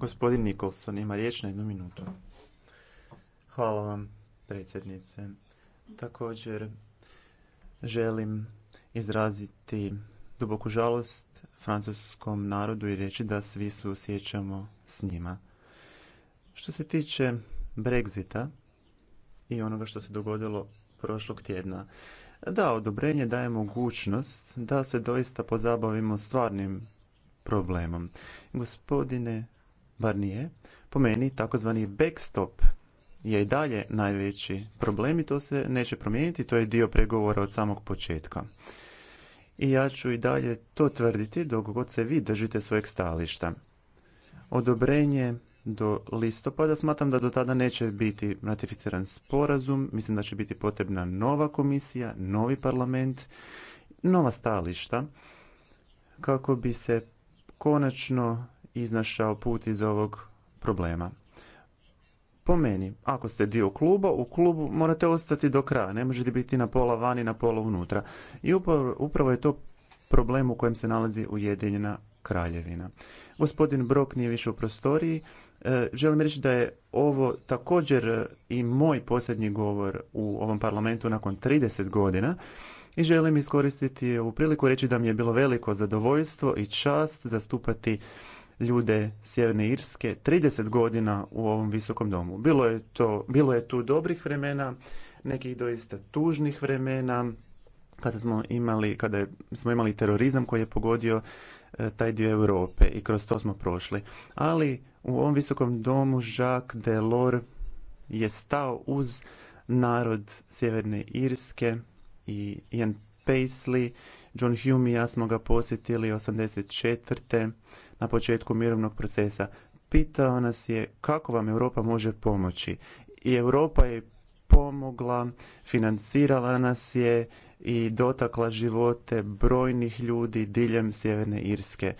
Gospodin Nikolson ima riječ na jednu minutu. Hvala vam, predsjednice. Također želim izraziti duboku žalost francuskom narodu i reći da svi osjećamo s njima. Što se tiče Brexita i onoga što se dogodilo prošlog tjedna, da, odobrenje daje mogućnost da se doista pozabavimo stvarnim problemom. Gospodine bar nije, po meni takozvani backstop je i dalje najveći problem i to se neće promijeniti, to je dio pregovora od samog početka. I ja ću i dalje to tvrditi dok god se vi držite svojeg stališta. Odobrenje do listopada smatram da do tada neće biti ratificiran sporazum, mislim da će biti potrebna nova komisija, novi parlament, nova stališta kako bi se konačno iznašao put iz ovog problema. Po meni, ako ste dio kluba, u klubu morate ostati do kraja, ne možete biti na pola vani, na pola unutra. I upravo, je to problem u kojem se nalazi Ujedinjena kraljevina. Gospodin Brok nije više u prostoriji. E, želim reći da je ovo također i moj posljednji govor u ovom parlamentu nakon 30 godina i želim iskoristiti ovu priliku reći da mi je bilo veliko zadovoljstvo i čast zastupati ljude Sjeverne Irske 30 godina u ovom visokom domu. Bilo je, to, bilo je tu dobrih vremena, nekih doista tužnih vremena, kada smo imali, kada smo imali terorizam koji je pogodio e, taj dio Europe i kroz to smo prošli. Ali u ovom visokom domu Jacques Delors je stao uz narod Sjeverne Irske i Paisley, John Hume i ja smo ga posjetili 84. na početku mirovnog procesa. Pitao nas je kako vam Europa može pomoći. I Europa je pomogla, financirala nas je i dotakla živote brojnih ljudi diljem Sjeverne Irske.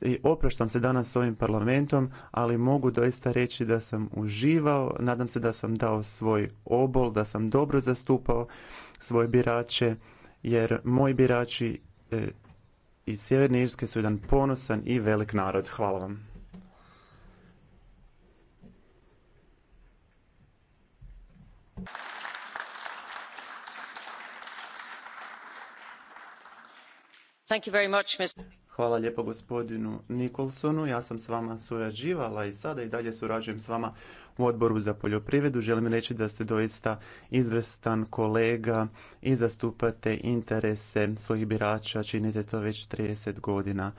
I opraštam se danas s ovim parlamentom, ali mogu doista reći da sam uživao, nadam se da sam dao svoj obol, da sam dobro zastupao svoje birače jer moji birači e, iz Sjeverne Irske su jedan ponosan i velik narod. Hvala vam. Thank you very much, Hvala lijepo gospodinu Nikolsonu. Ja sam s vama surađivala i sada i dalje surađujem s vama u odboru za poljoprivredu. Želim reći da ste doista izvrstan kolega i zastupate interese svojih birača. Činite to već 30 godina.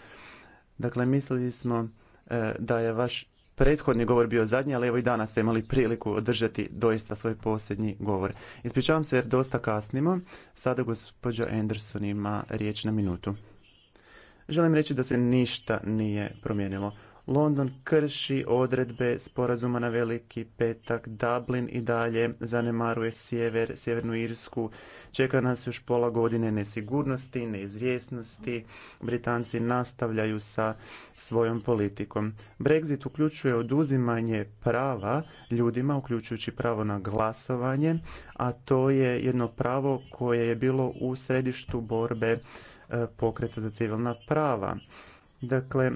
Dakle, mislili smo e, da je vaš prethodni govor bio zadnji, ali evo i danas ste imali priliku održati doista svoj posljednji govor. Ispričavam se jer dosta kasnimo. Sada gospođa Anderson ima riječ na minutu. Želim reći da se ništa nije promijenilo. London krši odredbe sporazuma na Veliki petak, Dublin i dalje zanemaruje sjever, sjevernu Irsku. Čeka nas još pola godine nesigurnosti, neizvjesnosti. Britanci nastavljaju sa svojom politikom. Brexit uključuje oduzimanje prava ljudima, uključujući pravo na glasovanje, a to je jedno pravo koje je bilo u središtu borbe eh, pokreta za civilna prava. Dakle,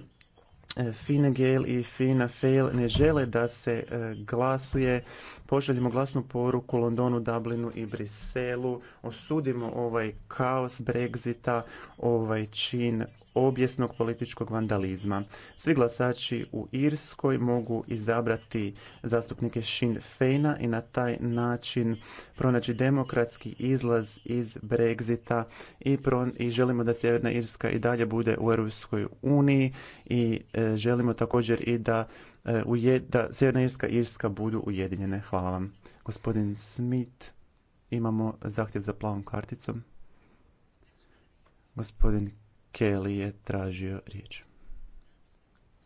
Fine Gael i Fina Fail ne žele da se e, glasuje pošaljimo glasnu poruku Londonu, Dublinu i Briselu, osudimo ovaj kaos Brexita, ovaj čin objesnog političkog vandalizma. Svi glasači u Irskoj mogu izabrati zastupnike Sinn Feina i na taj način pronaći demokratski izlaz iz Brexita i, i želimo da Sjeverna Irska i dalje bude u Europskoj uniji i e, želimo također i da E, da Sjeverna Irska i Irska budu ujedinjene. Hvala vam. Gospodin Smith, imamo zahtjev za plavom karticom. Gospodin Kelly je tražio riječ.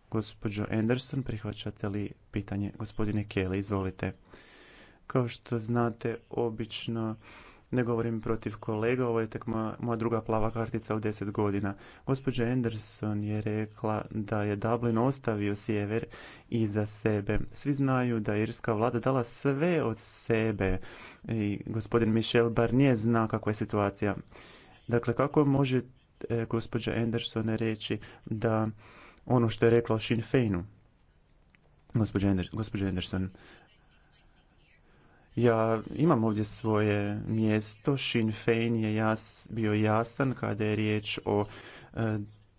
Gospođo Anderson, prihvaćate li pitanje? Gospodine Kelly, izvolite. Kao što znate, obično ne govorim protiv kolega, ovo je tek moja, druga plava kartica u deset godina. Gospođa Anderson je rekla da je Dublin ostavio sjever iza sebe. Svi znaju da je irska vlada dala sve od sebe i gospodin Michel nije zna kakva je situacija. Dakle, kako može e, gospođa Anderson reći da ono što je rekla o Sinn Féinu, gospođa Anderson, ja imam ovdje svoje mjesto, Sinn Fein je bio jasan kada je riječ o e,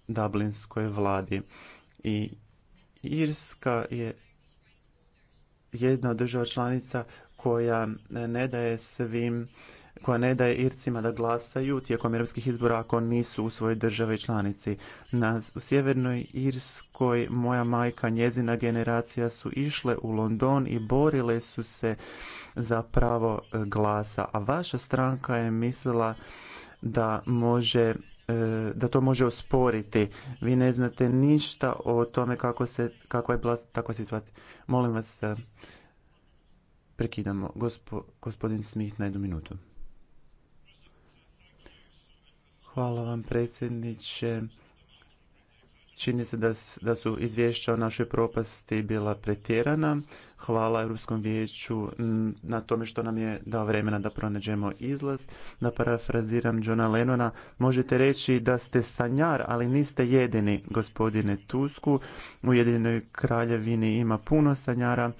Dublinskoj vladi. I Irska je jedna od država članica koja ne daje svim koja ne daje Ircima da glasaju tijekom europskih izbora ako nisu u svojoj državi članici. Na u sjevernoj Irskoj moja majka, njezina generacija su išle u London i borile su se za pravo e, glasa, a vaša stranka je mislila da može e, da to može osporiti. Vi ne znate ništa o tome kako se, kakva je bila takva situacija. Molim vas, e, prekidamo. gospodin Smith na jednu minutu. Hvala vam predsjedniče. Čini se da, su izvješća o našoj propasti bila pretjerana. Hvala Europskom vijeću na tome što nam je dao vremena da pronađemo izlaz. Da parafraziram Johna Lenona, možete reći da ste sanjar, ali niste jedini, gospodine Tusku. U Jedinoj kraljevini ima puno sanjara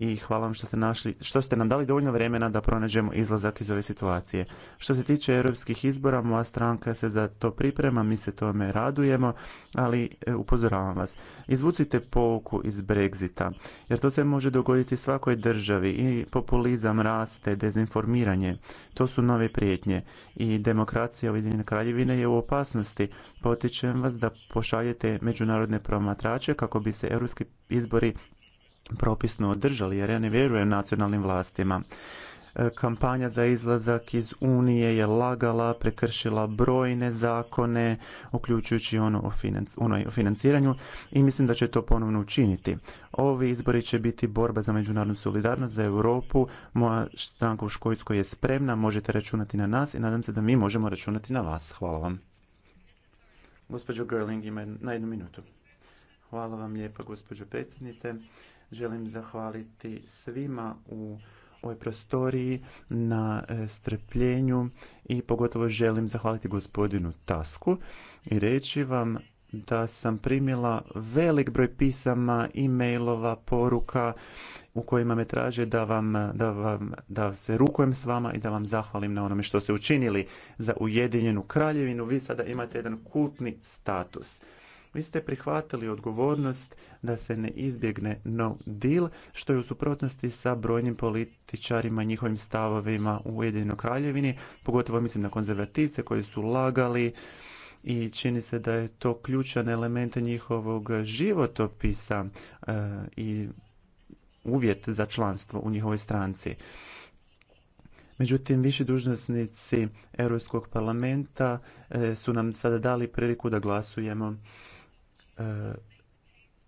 i hvala vam što ste, našli, što ste nam dali dovoljno vremena da pronađemo izlazak iz ove situacije. Što se tiče europskih izbora, moja stranka se za to priprema, mi se tome radujemo, ali e, upozoravam vas. Izvucite pouku iz Brexita, jer to se može dogoditi svakoj državi i populizam raste, dezinformiranje, to su nove prijetnje i demokracija Ujedinjene kraljevine je u opasnosti. Potičem vas da pošaljete međunarodne promatrače kako bi se europski izbori propisno održali jer ja ne vjerujem nacionalnim vlastima. E, kampanja za izlazak iz Unije je lagala, prekršila brojne zakone, uključujući ono, ono o financiranju i mislim da će to ponovno učiniti. Ovi izbori će biti borba za međunarodnu solidarnost, za Europu. Moja stranka u Škojskoj je spremna, možete računati na nas i nadam se da mi možemo računati na vas. Hvala vam. Gospođo Gerling ima na jednu minutu. Hvala vam lijepa, gospođo predsjednice. Želim zahvaliti svima u ovoj prostoriji na e, strpljenju i pogotovo želim zahvaliti gospodinu Tasku i reći vam da sam primila velik broj pisama, e-mailova, poruka u kojima me traže da, vam, da, vam, da se rukujem s vama i da vam zahvalim na onome što ste učinili za Ujedinjenu kraljevinu. Vi sada imate jedan kultni status. Vi ste prihvatili odgovornost da se ne izbjegne no deal, što je u suprotnosti sa brojnim političarima i njihovim stavovima u Ujedinjenoj kraljevini, pogotovo mislim na konzervativce koji su lagali i čini se da je to ključan element njihovog životopisa e, i uvjet za članstvo u njihovoj stranci. Međutim, viši dužnosnici Europskog parlamenta e, su nam sada dali priliku da glasujemo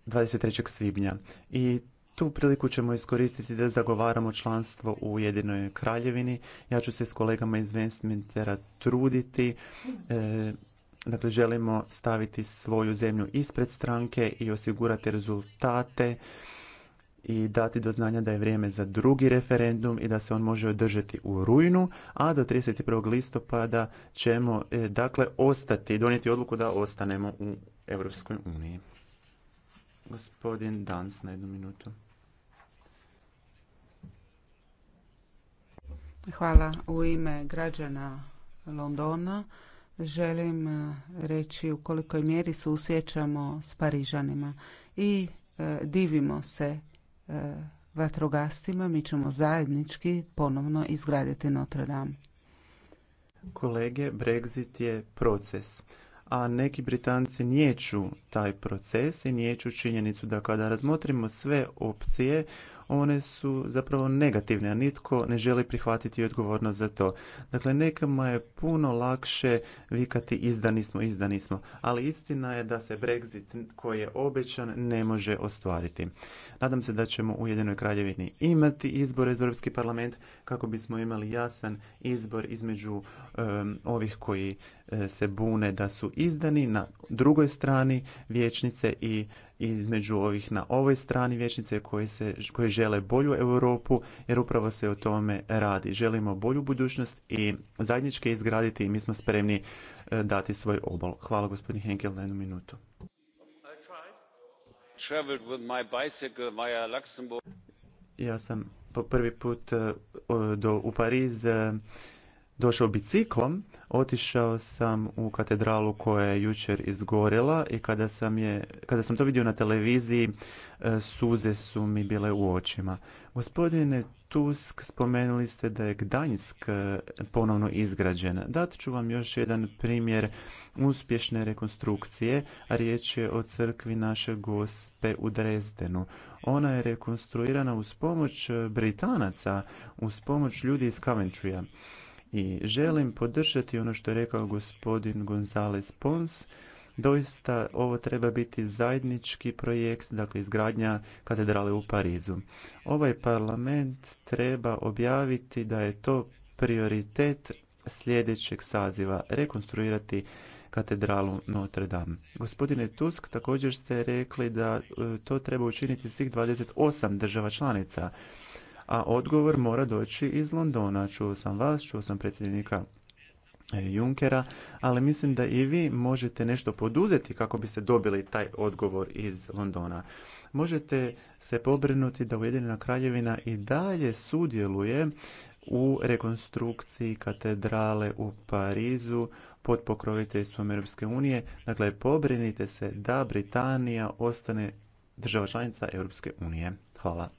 23. svibnja i tu priliku ćemo iskoristiti da zagovaramo članstvo u Jedinoj kraljevini. Ja ću se s kolegama iz Westminstera truditi. E, dakle, želimo staviti svoju zemlju ispred stranke i osigurati rezultate i dati do znanja da je vrijeme za drugi referendum i da se on može održati u rujnu, a do 31. listopada ćemo e, dakle ostati, donijeti odluku da ostanemo u Europskoj uniji. Gospodin Dans na jednu minutu. Hvala. U ime građana Londona želim reći u kolikoj mjeri se usjećamo s Parižanima i e, divimo se e, vatrogastima. Mi ćemo zajednički ponovno izgraditi Notre Dame. Kolege, Brexit je proces a neki Britanci niječu taj proces i niječu činjenicu da kada razmotrimo sve opcije, one su zapravo negativne, a nitko ne želi prihvatiti odgovornost za to. Dakle, nekama je puno lakše vikati izdani smo, izdani smo, ali istina je da se Brexit koji je obećan ne može ostvariti. Nadam se da ćemo u Jedinoj kraljevini imati izbor iz Europski parlament kako bismo imali jasan izbor između ovih koji E, se bune da su izdani na drugoj strani vječnice i između ovih na ovoj strani vječnice koje, se, koje žele bolju Europu jer upravo se o tome radi. Želimo bolju budućnost i zajednički izgraditi i mi smo spremni e, dati svoj obol. Hvala gospodin Henkel na jednu minutu. Ja sam po prvi put e, do, u Pariz došao biciklom, otišao sam u katedralu koja je jučer izgorila i kada sam, je, kada sam to vidio na televiziji, e, suze su mi bile u očima. Gospodine Tusk, spomenuli ste da je Gdańsk e, ponovno izgrađen. Dat ću vam još jedan primjer uspješne rekonstrukcije. Riječ je o crkvi naše gospe u Drezdenu. Ona je rekonstruirana uz pomoć e, Britanaca, uz pomoć ljudi iz Coventryja i želim podržati ono što je rekao gospodin Gonzales Pons. Doista ovo treba biti zajednički projekt, dakle izgradnja katedrale u Parizu. Ovaj parlament treba objaviti da je to prioritet sljedećeg saziva rekonstruirati katedralu Notre Dame. Gospodine Tusk, također ste rekli da e, to treba učiniti svih 28 država članica a odgovor mora doći iz Londona. Čuo sam vas, čuo sam predsjednika e, Junkera, ali mislim da i vi možete nešto poduzeti kako biste dobili taj odgovor iz Londona. Možete se pobrinuti da Ujedinjena kraljevina i dalje sudjeluje u rekonstrukciji katedrale u Parizu pod pokroviteljstvom Europske unije. Dakle, pobrinite se da Britanija ostane država članica Europske unije. Hvala.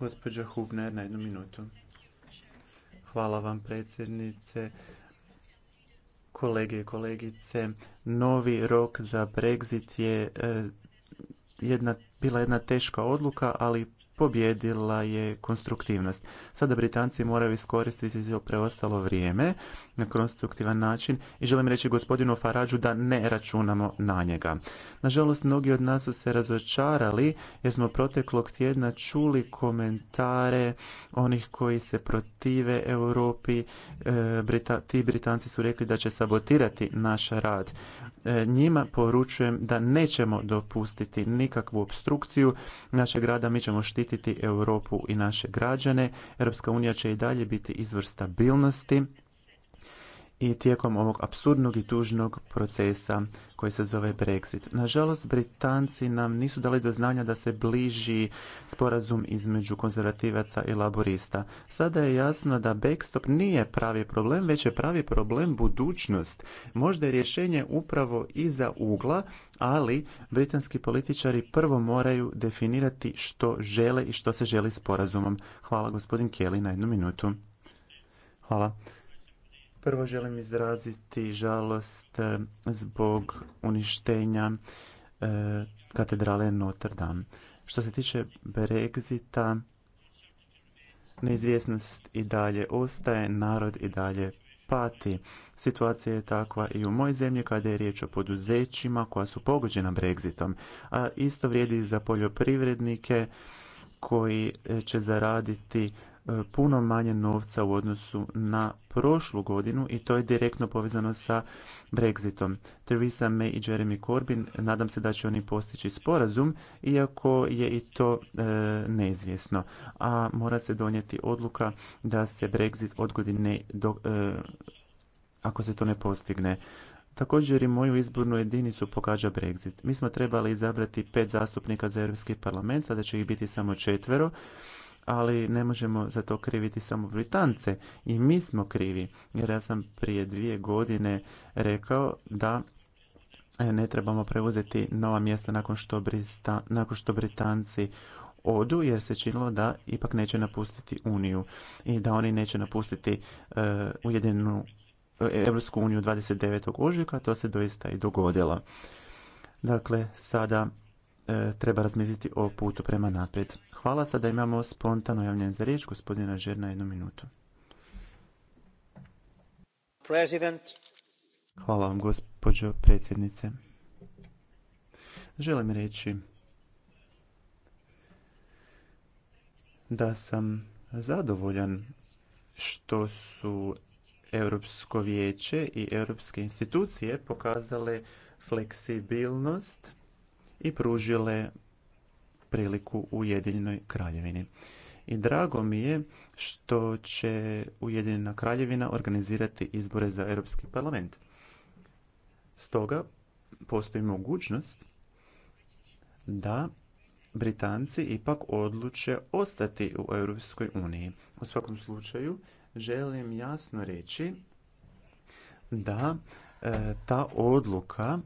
Gospođa Hubner, na jednu minutu. Hvala vam, predsjednice kolege i kolegice. Novi rok za Brexit je eh, bila jedna teška odluka, ali pobijedila je konstruktivnost. Sada Britanci moraju iskoristiti preostalo vrijeme na konstruktivan način i želim reći gospodinu Farađu da ne računamo na njega. Nažalost, mnogi od nas su se razočarali jer smo proteklog tjedna čuli komentare onih koji se protive Europi. E, Brita, ti Britanci su rekli da će sabotirati naš rad. E, njima poručujem da nećemo dopustiti nikakvu obstrukciju našeg rada, mi ćemo štititi štititi Europu i naše građane. Europska unija će i dalje biti izvor stabilnosti i tijekom ovog apsurdnog i tužnog procesa koji se zove Brexit. Nažalost, Britanci nam nisu dali do znanja da se bliži sporazum između konzervativaca i laborista. Sada je jasno da backstop nije pravi problem, već je pravi problem budućnost. Možda je rješenje upravo iza ugla, ali britanski političari prvo moraju definirati što žele i što se želi sporazumom. Hvala gospodin Kelly na jednu minutu. Hvala. Prvo želim izraziti žalost eh, zbog uništenja eh, katedrale Notre Dame. Što se tiče Brexita, neizvjesnost i dalje ostaje, narod i dalje pati. Situacija je takva i u moj zemlji kada je riječ o poduzećima koja su pogođena Brexitom, a isto vrijedi i za poljoprivrednike koji eh, će zaraditi puno manje novca u odnosu na prošlu godinu i to je direktno povezano sa brexitom. Theresa May i Jeremy Corbyn nadam se da će oni postići sporazum iako je i to e, neizvjesno, a mora se donijeti odluka da se brexit odgodi ne do, e, ako se to ne postigne. Također i moju izbornu jedinicu pogađa Brexit. Mi smo trebali izabrati pet zastupnika za Europski parlament, sada će ih biti samo četvero ali ne možemo za to kriviti samo Britance. I mi smo krivi, jer ja sam prije dvije godine rekao da e, ne trebamo preuzeti nova mjesta nakon što, nakon Britanci odu jer se činilo da ipak neće napustiti Uniju i da oni neće napustiti uh, e, Ujedinu Europsku uniju 29. ožujka, to se doista i dogodilo. Dakle, sada E, treba razmisliti o putu prema naprijed. Hvala sada imamo spontano javljen za riječ gospodina Žerna jednu minutu. President. Hvala vam gospođo predsjednice. Želim reći da sam zadovoljan što su Europsko vijeće i europske institucije pokazale fleksibilnost i pružile priliku Ujedinjenoj kraljevini. I drago mi je što će Ujedinjena kraljevina organizirati izbore za Europski parlament. Stoga postoji mogućnost da Britanci ipak odluče ostati u Europskoj uniji. U svakom slučaju želim jasno reći da e, ta odluka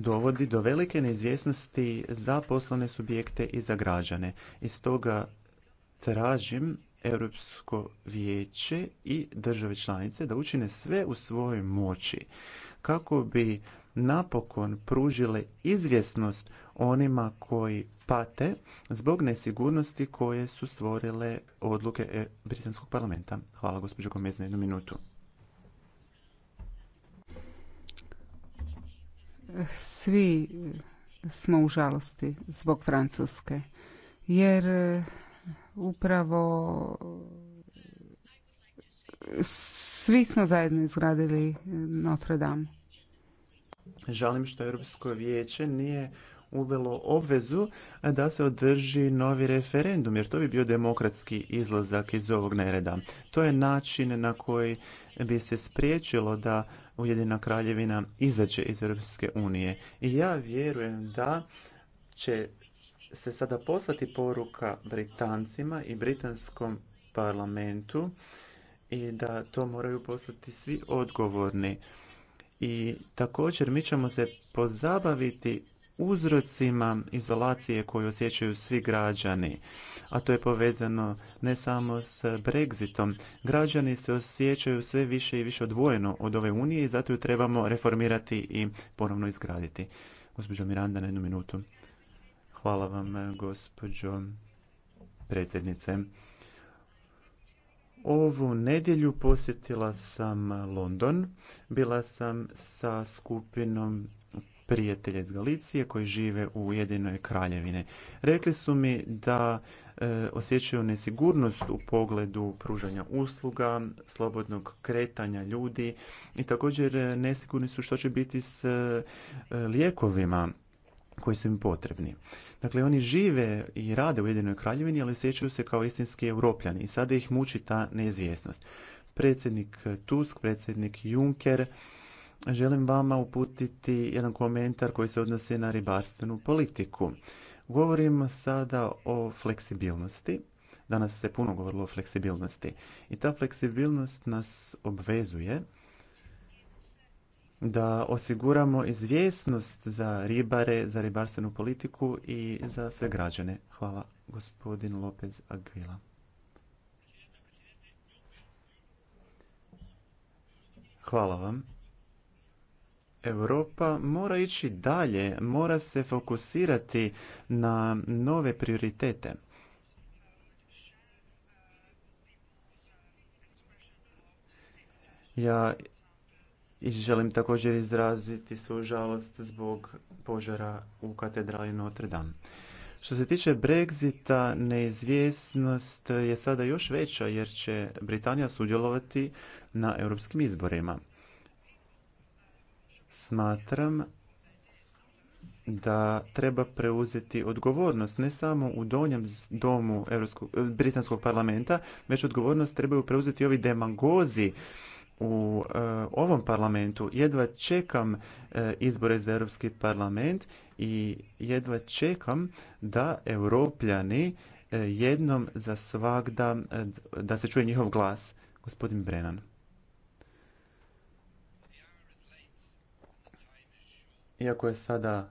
dovodi do velike neizvjesnosti za poslovne subjekte i za građane. I stoga tražim Europsko vijeće i države članice da učine sve u svojoj moći kako bi napokon pružile izvjesnost onima koji pate zbog nesigurnosti koje su stvorile odluke e, britanskog parlamenta. Hvala gospođo Gomez na jednu minutu. svi smo u žalosti zbog Francuske. Jer eh, upravo svi smo zajedno izgradili eh, Notre Dame. Žalim što Europsko vijeće nije uvelo obvezu da se održi novi referendum, jer to bi bio demokratski izlazak iz ovog nereda. To je način na koji bi se spriječilo da Ujedina kraljevina izađe iz Europske unije. I ja vjerujem da će se sada poslati poruka Britancima i britanskom parlamentu i da to moraju poslati svi odgovorni. I također mi ćemo se pozabaviti uzrocima izolacije koju osjećaju svi građani, a to je povezano ne samo s Brexitom. Građani se osjećaju sve više i više odvojeno od ove unije i zato ju trebamo reformirati i ponovno izgraditi. Gospođo Miranda, na jednu minutu. Hvala vam, gospođo predsjednice. Ovu nedjelju posjetila sam London. Bila sam sa skupinom prijatelje iz Galicije koji žive u Ujedinoj Kraljevini. Rekli su mi da e, osjećaju nesigurnost u pogledu pružanja usluga, slobodnog kretanja ljudi i također e, nesigurni su što će biti s e, lijekovima koji su im potrebni. Dakle, oni žive i rade u Ujedinoj kraljevini, ali osjećaju se kao istinski europljani i sada ih muči ta neizvjesnost. Predsjednik Tusk, predsjednik Juncker, želim vama uputiti jedan komentar koji se odnosi na ribarstvenu politiku. Govorim sada o fleksibilnosti. Danas se puno govorilo o fleksibilnosti. I ta fleksibilnost nas obvezuje da osiguramo izvjesnost za ribare, za ribarstvenu politiku i za sve građane. Hvala, gospodin Lopez Aguila. Hvala vam Europa mora ići dalje, mora se fokusirati na nove prioritete. Ja želim također izraziti svoju žalost zbog požara u katedrali Notre Dame. Što se tiče Brexita, neizvjesnost je sada još veća jer će Britanija sudjelovati na europskim izborima smatram da treba preuzeti odgovornost ne samo u donjem domu Evropskog, eh, britanskog parlamenta već odgovornost trebaju preuzeti ovi demagozi u eh, ovom parlamentu jedva čekam eh, izbore za europski parlament i jedva čekam da europljani jednom za svagda da se čuje njihov glas gospodin brennan Iako je sada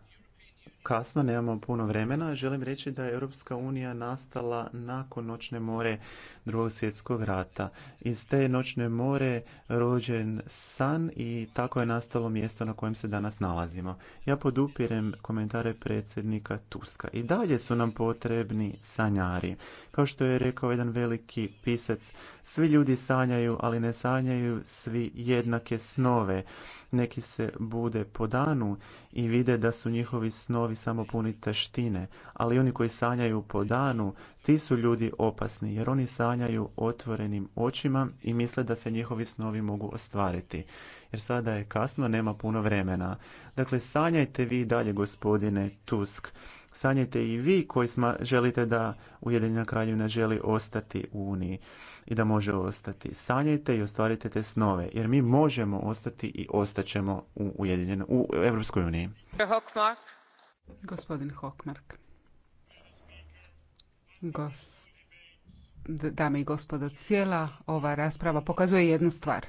kasno, nemamo puno vremena, želim reći da je Europska unija nastala nakon noćne more drugog svjetskog rata. Iz te noćne more rođen san i tako je nastalo mjesto na kojem se danas nalazimo. Ja podupirem komentare predsjednika Tuska. I dalje su nam potrebni sanjari. Kao što je rekao jedan veliki pisac, svi ljudi sanjaju, ali ne sanjaju svi jednake snove. Neki se bude po danu i vide da su njihovi snovi samo puni teštine, ali oni koji sanjaju po danu, ti su ljudi opasni jer oni sanjaju otvorenim očima i misle da se njihovi snovi mogu ostvariti. Jer sada je kasno, nema puno vremena. Dakle, sanjajte vi dalje, gospodine Tusk sanjajte i vi koji sma, želite da Ujedinjena kraljevina želi ostati u Uniji i da može ostati. Sanjajte i ostvarite te snove, jer mi možemo ostati i ostaćemo u, u Europskoj uniji. Hockmark. Gospodin Hockmark. Dame i gospodo, cijela ova rasprava pokazuje jednu stvar,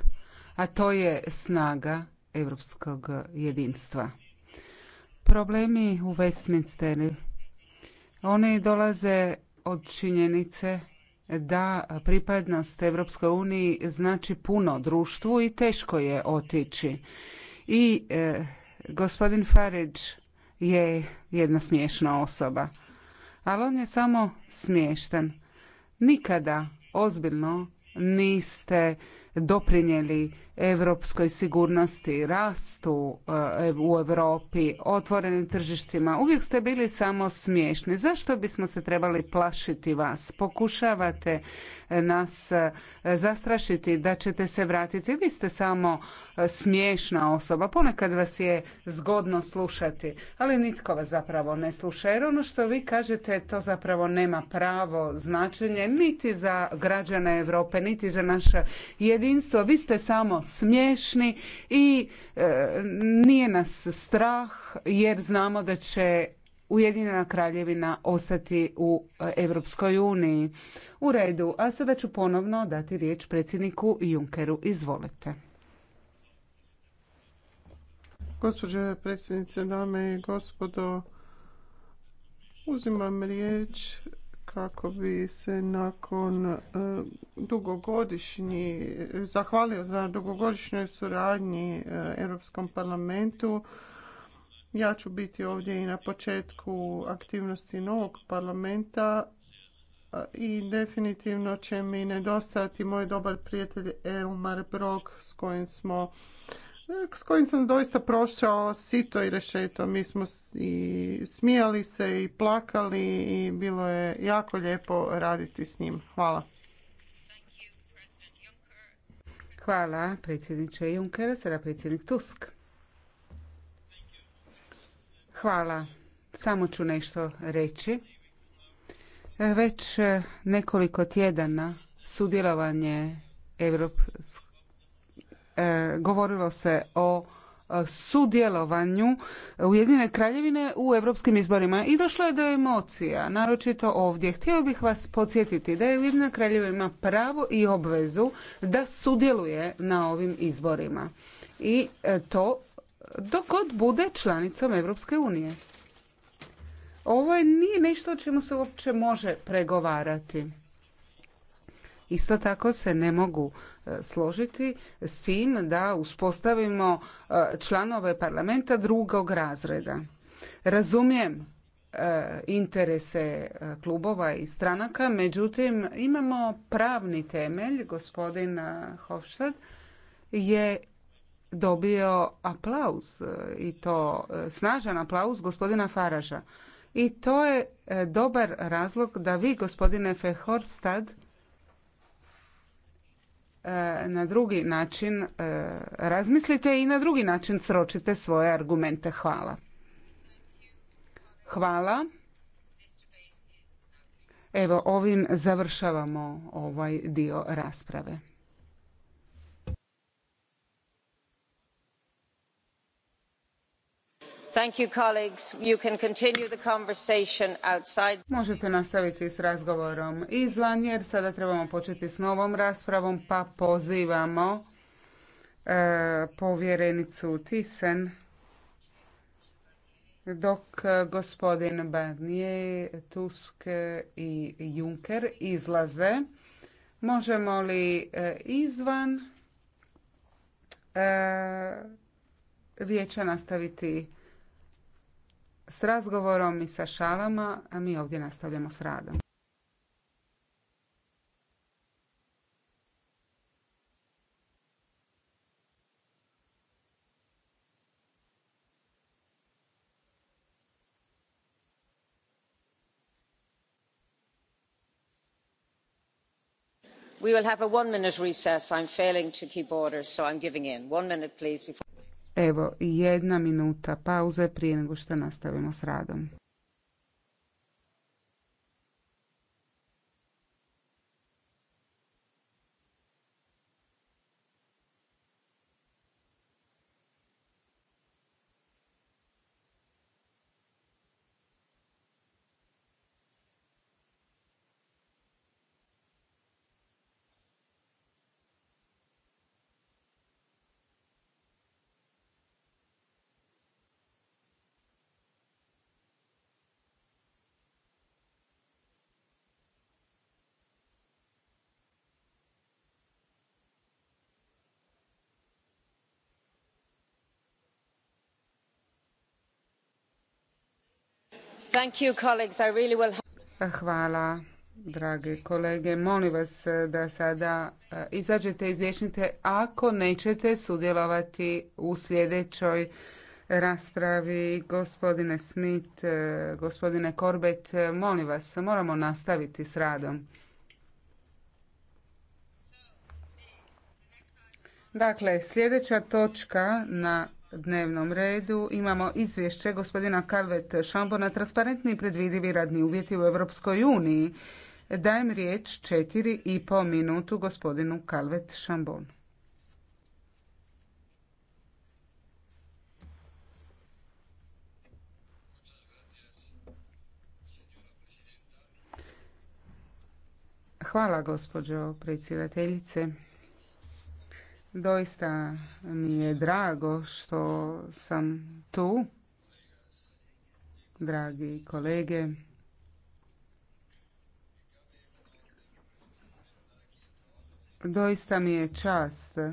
a to je snaga europskog jedinstva. Problemi u Westminsteru, oni dolaze od činjenice da pripadnost Evropskoj uniji znači puno društvu i teško je otići. I e, gospodin Farage je jedna smiješna osoba, ali on je samo smješten. Nikada ozbiljno niste doprinijeli europskoj sigurnosti, rastu eh, u Europi, otvorenim tržištima. Uvijek ste bili samo smiješni. Zašto bismo se trebali plašiti vas? Pokušavate nas eh, zastrašiti da ćete se vratiti. Vi ste samo E, smiješna osoba. Ponekad vas je zgodno slušati, ali nitko vas zapravo ne sluša. Jer ono što vi kažete, to zapravo nema pravo značenje niti za građane Europe, niti za naše jedinstvo. Vi ste samo smiješni i e, nije nas strah jer znamo da će Ujedinjena kraljevina ostati u e, Europskoj uniji. U redu, a sada ću ponovno dati riječ predsjedniku Junkeru. Izvolite. Gospođo predsjednice, dame i gospodo, uzimam riječ kako bi se nakon e, dugogodišnji, zahvalio za dugogodišnjoj suradnji e, Europskom parlamentu. Ja ću biti ovdje i na početku aktivnosti novog parlamenta e, i definitivno će mi nedostati moj dobar prijatelj Elmar Brok s kojim smo E, s kojim sam doista prošao sito i rešeto. Mi smo i smijali se i plakali i bilo je jako lijepo raditi s njim. Hvala. Hvala predsjedniče Juncker, sada predsjednik Tusk. Hvala. Samo ću nešto reći. Već nekoliko tjedana sudjelovanje europskog E, govorilo se o e, sudjelovanju Ujedinjene kraljevine u europskim izborima i došlo je do emocija, naročito ovdje. Htio bih vas podsjetiti da je Ujedina kraljevina pravo i obvezu da sudjeluje na ovim izborima. I e, to dok god bude članicom Europske unije. Ovo nije nešto o čemu se uopće može pregovarati. Isto tako se ne mogu e, složiti s tim da uspostavimo e, članove parlamenta drugog razreda. Razumijem e, interese klubova i stranaka, međutim imamo pravni temelj, gospodin Hofstad je dobio aplauz i to snažan aplauz gospodina Faraža. I to je dobar razlog da vi, gospodine Fehorstad, E, na drugi način e, razmislite i na drugi način sročite svoje argumente. Hvala. Hvala. Evo ovim završavamo ovaj dio rasprave. Možete nastaviti s razgovorom izvan jer sada trebamo početi s novom raspravom pa pozivamo e, povjerenicu Tisen dok gospodin Barnier, Tusk i Juncker izlaze. Možemo li e, izvan e, vijeća nastaviti s razgovorom i sa šalama, a mi ovdje nastavljamo s radom. we will have a one minute recess i'm failing to keep order so i'm giving in. one minute please before. Evo, jedna minuta pauze prije nego što nastavimo s radom. Hvala, dragi kolege. Molim vas e, da sada e, izađete iz ako nećete sudjelovati u sljedećoj raspravi. Gospodine Smith, e, gospodine Corbett, molim vas, moramo nastaviti s radom. Dakle, sljedeća točka na dnevnom redu imamo izvješće gospodina Kalvet Šambona transparentni i predvidivi radni uvjeti u Europskoj uniji. Dajem riječ četiri i po minutu gospodinu Kalvet Šambonu. Hvala gospođo predsjedateljice. Doista mi je drago što sam tu, dragi kolege. Doista mi je čast eh,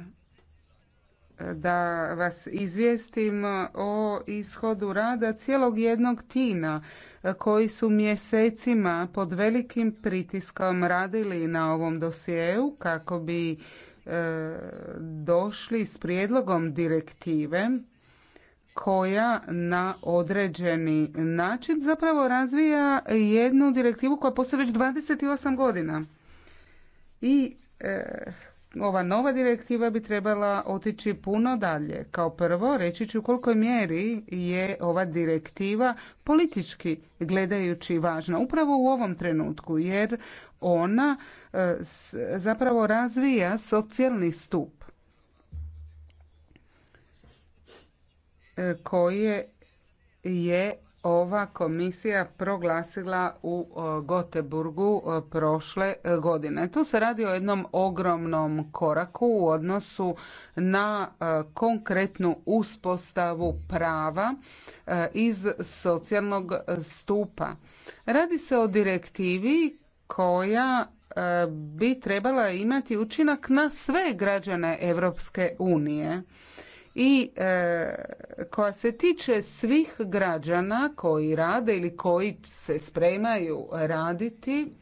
da vas izvijestim o ishodu rada cijelog jednog tina eh, koji su mjesecima pod velikim pritiskom radili na ovom dosjeu kako bi došli s prijedlogom direktive koja na određeni način zapravo razvija jednu direktivu koja postoji već 28 godina. I e, ova nova direktiva bi trebala otići puno dalje. Kao prvo, reći ću u kolikoj mjeri je ova direktiva politički gledajući važna upravo u ovom trenutku jer ona e, zapravo razvija socijalni stup e, koje je ova komisija proglasila u e, Goteburgu e, prošle e, godine. Tu se radi o jednom ogromnom koraku u odnosu na konkretnu uspostavu prava iz socijalnog stupa. Radi se o direktivi koja bi trebala imati učinak na sve građane Europske unije i e, koja se tiče svih građana koji rade ili koji se spremaju raditi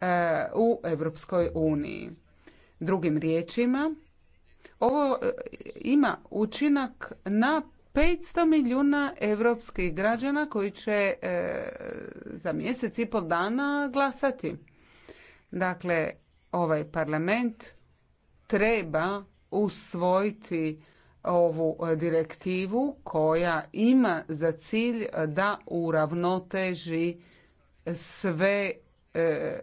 e, u Europskoj uniji. Drugim riječima, ovo e, ima učinak na 500 milijuna europskih građana koji će za mjesec i pol dana glasati. Dakle, ovaj parlament treba usvojiti ovu e, direktivu koja ima za cilj da uravnoteži sve e,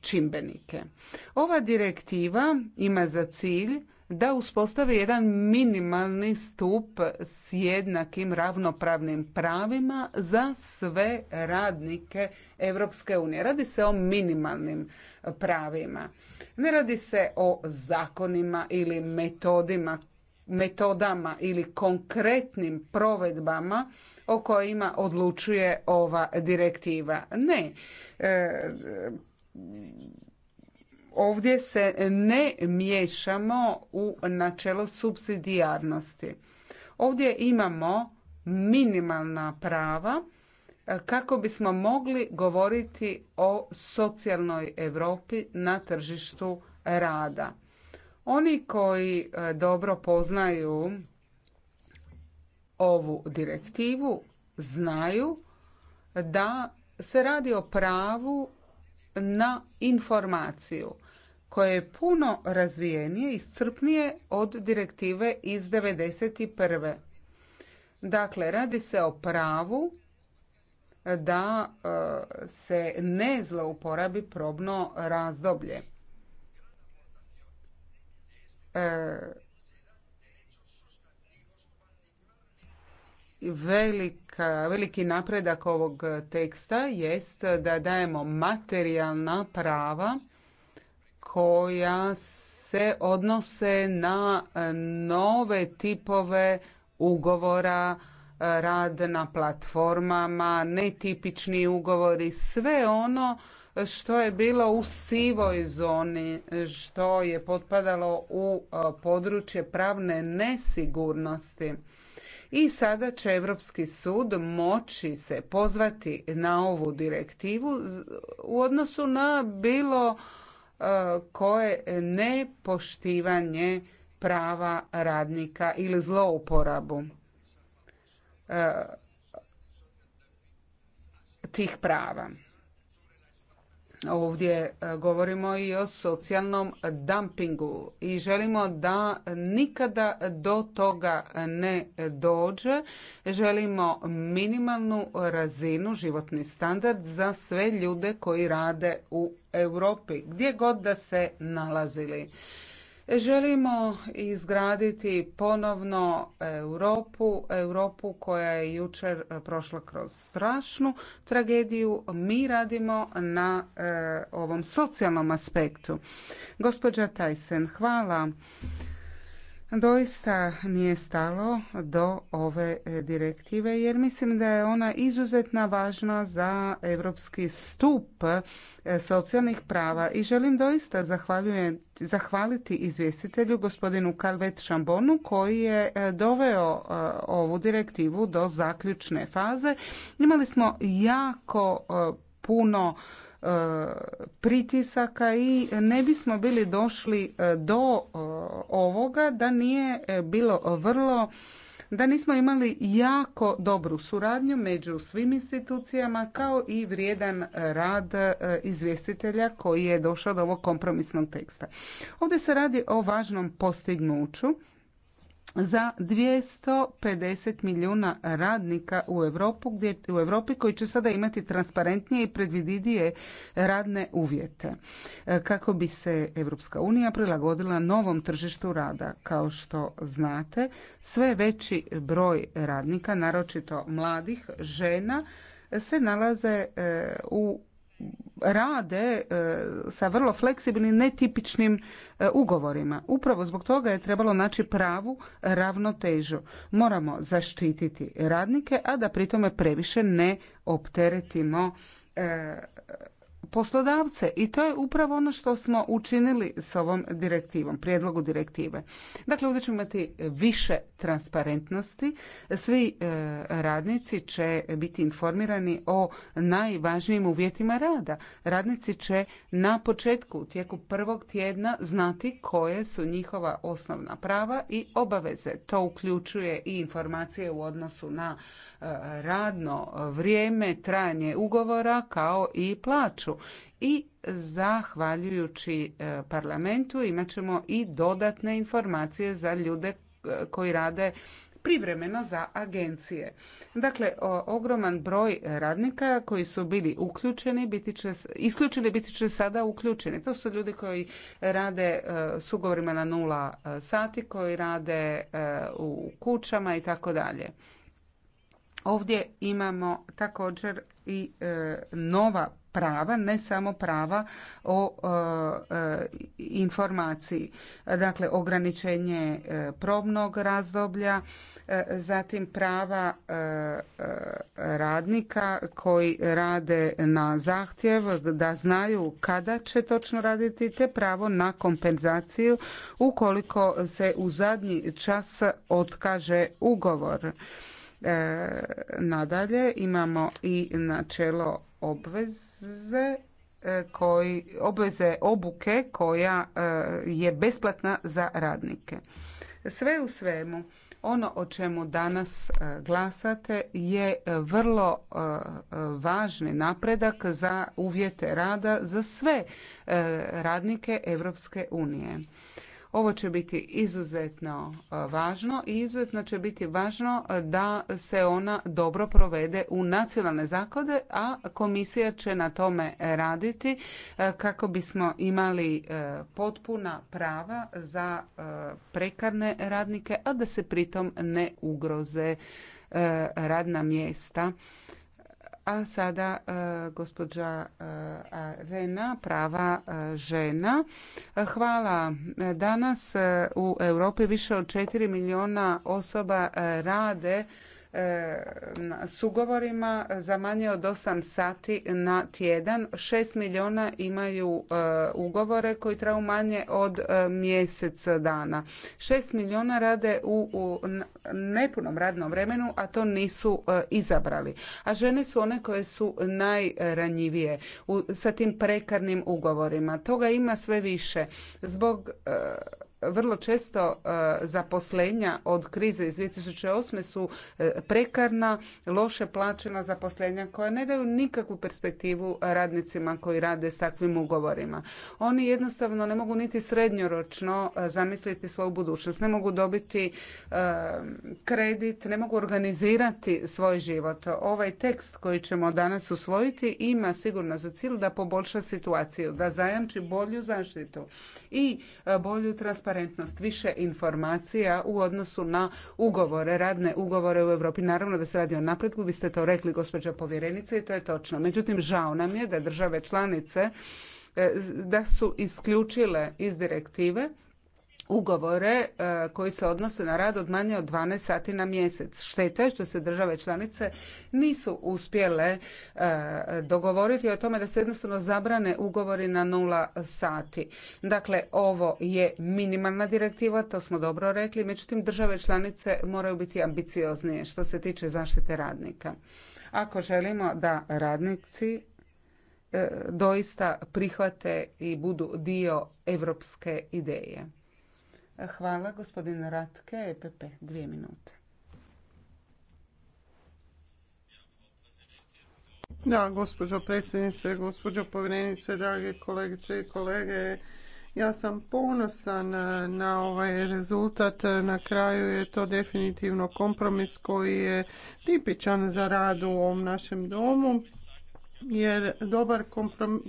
čimbenike. Ova direktiva ima za cilj da uspostavi jedan minimalni stup s jednakim ravnopravnim pravima za sve radnike Europske unije. Radi se o minimalnim pravima. Ne radi se o zakonima ili metodima metodama ili konkretnim provedbama o kojima odlučuje ova direktiva. Ne. E, ovdje se ne miješamo u načelo subsidijarnosti. Ovdje imamo minimalna prava e, kako bismo mogli govoriti o socijalnoj Europi na tržištu rada. Oni koji e, dobro poznaju ovu direktivu znaju da se radi o pravu na informaciju koje je puno razvijenije i iscrpnije od direktive iz 1991. Dakle, radi se o pravu da e, se ne zlouporabi probno razdoblje. Velika, veliki napredak ovog teksta jest da dajemo materijalna prava koja se odnose na nove tipove ugovora, rad na platformama, netipični ugovori, sve ono što je bilo u sivoj zoni, što je potpadalo u područje pravne nesigurnosti. I sada će Europski sud moći se pozvati na ovu direktivu u odnosu na bilo koje nepoštivanje prava radnika ili zlouporabu tih prava. Ovdje e, govorimo i o socijalnom dumpingu i želimo da nikada do toga ne dođe. Želimo minimalnu razinu, životni standard za sve ljude koji rade u Europi, gdje god da se nalazili. Želimo izgraditi ponovno Europu, Europu koja je jučer prošla kroz strašnu tragediju. Mi radimo na e, ovom socijalnom aspektu. Gospođa Tajsen, hvala doista mi je stalo do ove direktive jer mislim da je ona izuzetno važna za europski stup e, socijalnih prava i želim doista zahvaliti izvjestitelju gospodinu Calvet Šambonu koji je e, doveo e, ovu direktivu do zaključne faze. Imali smo jako puno E, pritisaka i ne bismo bili došli e, do e, ovoga da nije bilo vrlo da nismo imali jako dobru suradnju među svim institucijama kao i vrijedan rad izvjestitelja koji je došao do ovog kompromisnog teksta. Ovdje se radi o važnom postignuću za 250 milijuna radnika u, Europu, gdje, u Europi koji će sada imati transparentnije i predvididije radne uvjete e, kako bi se Europska unija prilagodila novom tržištu rada. Kao što znate, sve veći broj radnika, naročito mladih žena, se nalaze e, u rade e, sa vrlo fleksibilnim, netipičnim e, ugovorima. Upravo zbog toga je trebalo naći pravu ravnotežu. Moramo zaštititi radnike, a da pritome previše ne opteretimo e, poslodavce i to je upravo ono što smo učinili s ovom direktivom, prijedlogu direktive. Dakle, ovdje ćemo imati više transparentnosti. Svi e, radnici će biti informirani o najvažnijim uvjetima rada. Radnici će na početku, u tijeku prvog tjedna, znati koje su njihova osnovna prava i obaveze. To uključuje i informacije u odnosu na e, radno vrijeme, trajanje ugovora kao i plaću i zahvaljujući e, parlamentu imat ćemo i dodatne informacije za ljude e, koji rade privremeno za agencije. Dakle, ogroman broj radnika koji su bili uključeni, biti će, isključeni biti će sada uključeni. To su ljudi koji rade e, s ugovorima na nula sati, koji rade u kućama i tako dalje. Ovdje imamo također i nova prava, ne samo prava o e, e, informaciji. Dakle, ograničenje e, probnog razdoblja, zatim prava radnika koji rade na zahtjev da znaju kada će točno raditi te pravo na kompenzaciju ukoliko se u zadnji čas otkaže ugovor. Nadalje imamo i načelo obveze e, koji, obveze obuke koja e, je besplatna za radnike. Sve u svemu, ono o čemu danas e, glasate je vrlo važni napredak za uvjete rada za sve radnike Europske unije. Ovo će biti izuzetno e, važno i izuzetno će biti važno e, da se ona dobro provede u nacionalne zakode, a komisija će na tome raditi e, kako bismo imali potpuna prava za prekarne radnike, a da se pritom ne ugroze radna mjesta a sada e, gospođa e, Rena, prava e, žena. Hvala. Danas u Europi više od 4 milijuna osoba rade s ugovorima za manje od 8 sati na tjedan. 6 milijuna imaju e, ugovore koji traju manje od e, mjesec dana. 6 milijuna rade u nepunom radnom vremenu, a to nisu e, izabrali. A žene su one koje su najranjivije sa tim prekarnim ugovorima. Toga ima sve više. Zbog vrlo često e, zaposlenja od krize iz 2008. su e, prekarna, loše plaćena zaposlenja koja ne daju nikakvu perspektivu radnicima koji rade s takvim ugovorima. Oni jednostavno ne mogu niti srednjoročno e, zamisliti svoju budućnost, ne mogu dobiti kredit, ne mogu organizirati svoj život. Ovaj tekst koji ćemo danas usvojiti ima sigurno za cilj da poboljša situaciju, da zajamči bolju zaštitu i bolju transparentnost transparentnost, više informacija u odnosu na ugovore, radne ugovore u Europi. Naravno da se radi o napretku, vi ste to rekli gospođa povjerenice i to je točno. Međutim, žao nam je da države članice e, da su isključile iz direktive ugovore e, koji se odnose na rad od manje od 12 sati na mjesec. Šteta je što se države članice nisu uspjele e, dogovoriti o tome da se jednostavno zabrane ugovori na nula sati. Dakle, ovo je minimalna direktiva, to smo dobro rekli, međutim države članice moraju biti ambicioznije što se tiče zaštite radnika. Ako želimo da radnici e, doista prihvate i budu dio europske ideje. Hvala, gospodin Ratke, EPP, dvije minute. Da, gospođo predsjednice, gospođo povjerenice, drage kolegice i kolege, ja sam ponosan na ovaj rezultat. Na kraju je to definitivno kompromis koji je tipičan za rad u ovom našem domu jer dobar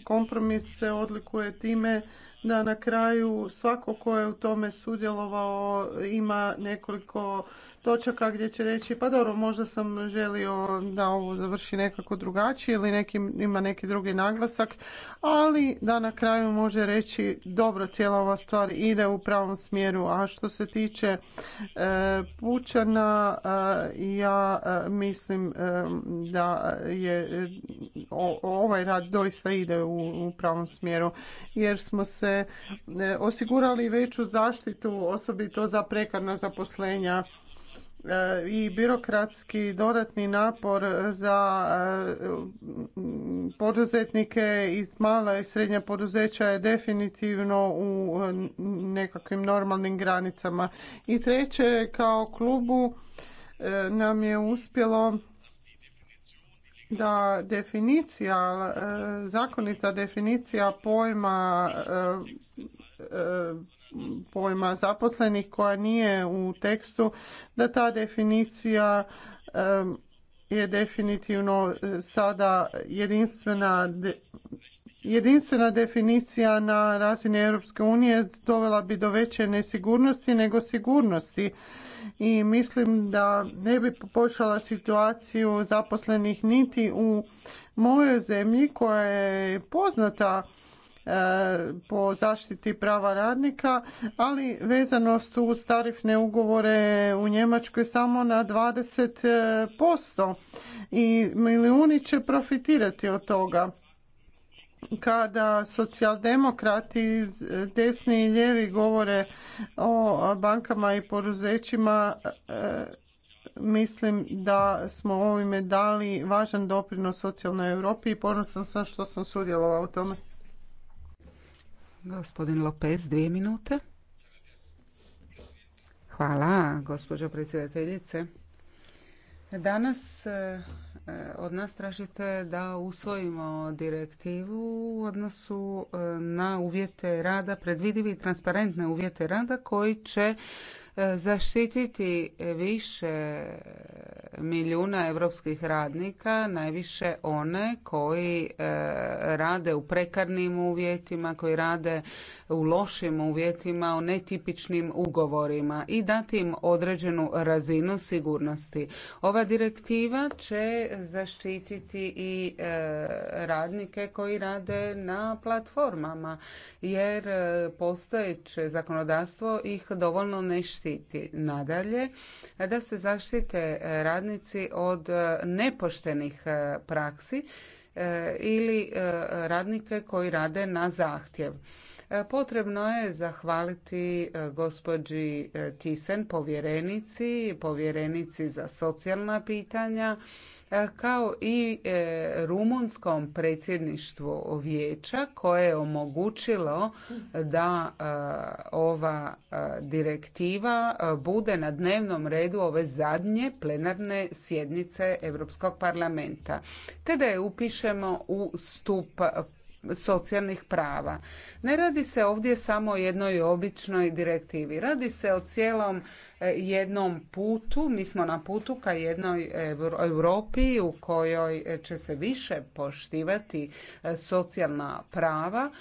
kompromis se odlikuje time da na kraju svako ko je u tome sudjelovao ima nekoliko točaka gdje će reći pa dobro možda sam želio da ovo završi nekako drugačije ili neki, ima neki drugi naglasak, ali da na kraju može reći dobro cijela ova stvar ide u pravom smjeru. A što se tiče e, pučana e, ja e, mislim e, da je ovaj rad doista ide u, u pravom smjeru jer smo se osigurali veću zaštitu osobito za prekarna zaposlenja E, i birokratski dodatni napor za e, poduzetnike iz mala i srednja poduzeća je definitivno u nekakvim normalnim granicama. I treće, kao klubu e, nam je uspjelo da definicija, zakonita definicija pojma pojma zaposlenih koja nije u tekstu, da ta definicija je definitivno e, sada jedinstvena Jedinstvena definicija na razini Europske unije dovela bi do veće nesigurnosti nego sigurnosti i mislim da ne bi poboljšala situaciju zaposlenih niti u mojoj zemlji koja je poznata E, po zaštiti prava radnika, ali vezanost uz tarifne ugovore u Njemačkoj samo na 20% i milijuni će profitirati od toga kada socijaldemokrati desni i lijevi govore o bankama i poduzećima e, mislim da smo ovime dali važan doprinos socijalnoj Europi i ponosan sam što sam sudjelovao u tome. Gospodin Lopez, dvije minute. Hvala, gospođo predsjedateljice. Danas e, od nas tražite da usvojimo direktivu u odnosu e, na uvjete rada, predvidivi i transparentne uvjete rada koji će e, zaštititi više milijuna europskih radnika, najviše one koji e, rade u prekarnim uvjetima, koji rade u lošim uvjetima, u netipičnim ugovorima i dati im određenu razinu sigurnosti. Ova direktiva će zaštititi i e, radnike koji rade na platformama jer e, postojeće zakonodavstvo ih dovoljno ne štiti. Nadalje, da se zaštite radnike radnici od e, nepoštenih e, praksi e, ili radnike koji rade na zahtjev. Potrebno je zahvaliti gospođi Tisen, povjerenici, povjerenici za socijalna pitanja, E, kao i e, rumunskom predsjedništvu vijeća koje je omogućilo da e, ova direktiva bude na dnevnom redu ove zadnje plenarne sjednice Europskog parlamenta te da je upišemo u stup socijalnih prava. Ne radi se ovdje samo o jednoj običnoj direktivi. Radi se o cijelom e, jednom putu. Mi smo na putu ka jednoj Europi u kojoj e, će se više poštivati e, socijalna prava.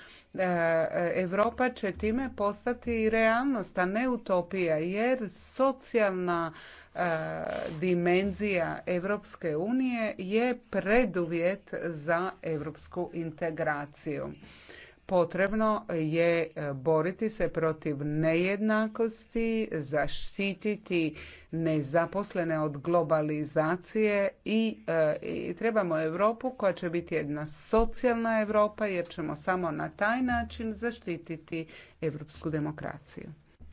Europa će time postati realnost, a ne utopija, jer socijalna E, dimenzija Europske unije je preduvjet za europsku integraciju. Potrebno je e, boriti se protiv nejednakosti, zaštititi nezaposlene od globalizacije i, e, i trebamo Europu koja će biti jedna socijalna Europa jer ćemo samo na taj način zaštititi europsku demokraciju.